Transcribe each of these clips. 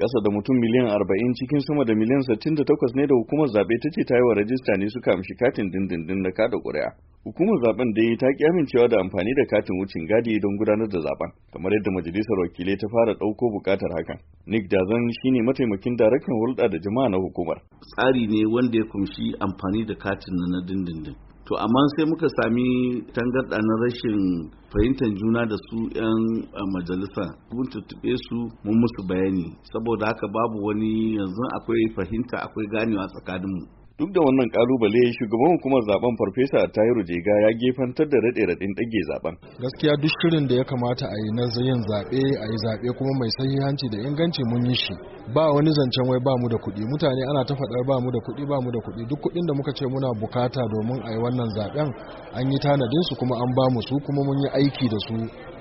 kasa da mutum miliyan arba'in cikin sama da miliyan 68 ne da hukumar zaɓe ta ce ta yi wa rajista ne suka amshi katin dindindin na kada ƙuri'a. Hukumar zaben da ta ki amincewa da amfani da katin wucin gadi don gudanar da zaben, kamar yadda majalisar wakilai ta fara ɗauko buƙatar hakan. Nick Dazan shine mataimakin daraktan hulɗa da jama'a na hukumar. Tsari ne wanda ya kumshi amfani da katin na dindindin. to amma sai muka sami tangarɗa na rashin fahimtar juna da su 'yan majalisa mun tuttube su mun musu bayani saboda haka babu wani yanzu akwai fahimta akwai ganewa tsakaninmu duk da wannan kalubale shugaban hukumar zaben farfesa tayiru jega ya gefantar da rade radin dage zaben gaskiya duk shirin da ya kamata a yi na yin zaɓe a yi zaɓe kuma mai sahihanci da inganci mun yi shi ba wani zancen wai ba mu da kuɗi mutane ana ta faɗar ba mu da kuɗi ba mu da kuɗi duk kuɗin da muka ce muna bukata domin a yi wannan zaɓen an yi tanadin su kuma an ba mu su kuma mun yi aiki da su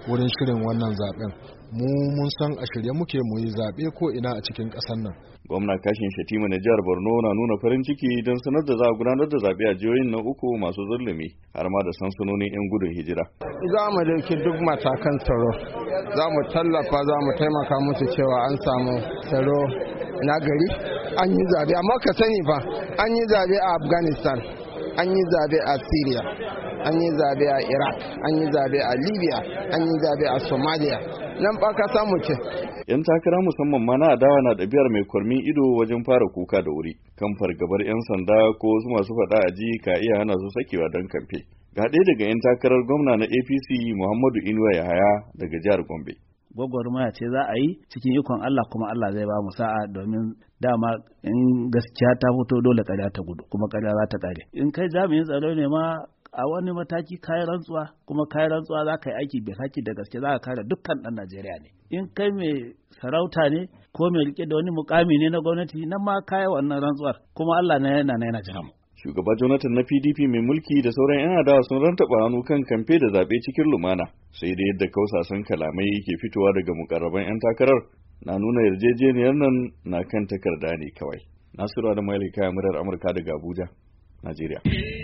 wurin shirin wannan zaben mu mun san a shirye muke mu yi zaɓe ko ina a cikin ƙasar nan. Gwamna Kashin Shatima na jihar Borno na nuna farin ciki don sanar da za a gudanar da zaɓe a jihohin na uku masu zulumi har ma da sansanonin 'yan gudun hijira. Za mu dauki duk matakan tsaro, za mu tallafa za mu taimaka musu cewa an samu tsaro na gari an yi zaɓe amma ka sani fa an yi zaɓe a Afghanistan an yi zaɓe a Syria an yi zabe a iraq an yi zabe a libya an yi zabe a somalia nan ba ka samu ce yan takara musamman ma na adawa na ɗabi'ar mai kwarmin ido wajen fara kuka da wuri kan fargabar yan sanda ko wasu masu faɗa a ji ka iya hana su sakewa don kamfe ga ɗaya daga yan takarar gwamna na apc muhammadu inuwa yahaya daga jihar gombe gwagwarmaya ce za a yi cikin ikon Allah kuma Allah zai ba mu sa'a domin dama in gaskiya ta fito dole ƙarya ta gudu kuma ƙarya za ta ƙare in kai jami'in tsaro ne ma a wani mataki kayan rantsuwa kuma kayan rantsuwa za ka yi aiki bai da gaske za ka kare dukkan ɗan Najeriya ne in kai mai sarauta ne ko mai rike da wani mukami ne na gwamnati nan ma kayi wannan rantsuwar kuma Allah na yana na yana jira shugaba Jonathan na PDP mai mulki da sauran 'yan adawa sun rantaba hannu kan kamfe da zaɓe cikin lumana sai dai yadda kausasan kalamai ke fitowa daga mukarraban 'yan takarar na nuna yarjejeniyar nan na kan takarda ne kawai Nasiru Adamu Yalika Murar Amurka daga Abuja, Najeriya.